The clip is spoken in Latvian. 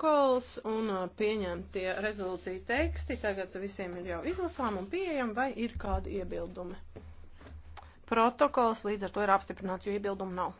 protokols un pieņemtie rezolūcija teksti. Tagad visiem ir jau izlasām un pieejam, vai ir kādi iebildumi. Protokols līdz ar to ir apstiprināts, jo iebildumu nav.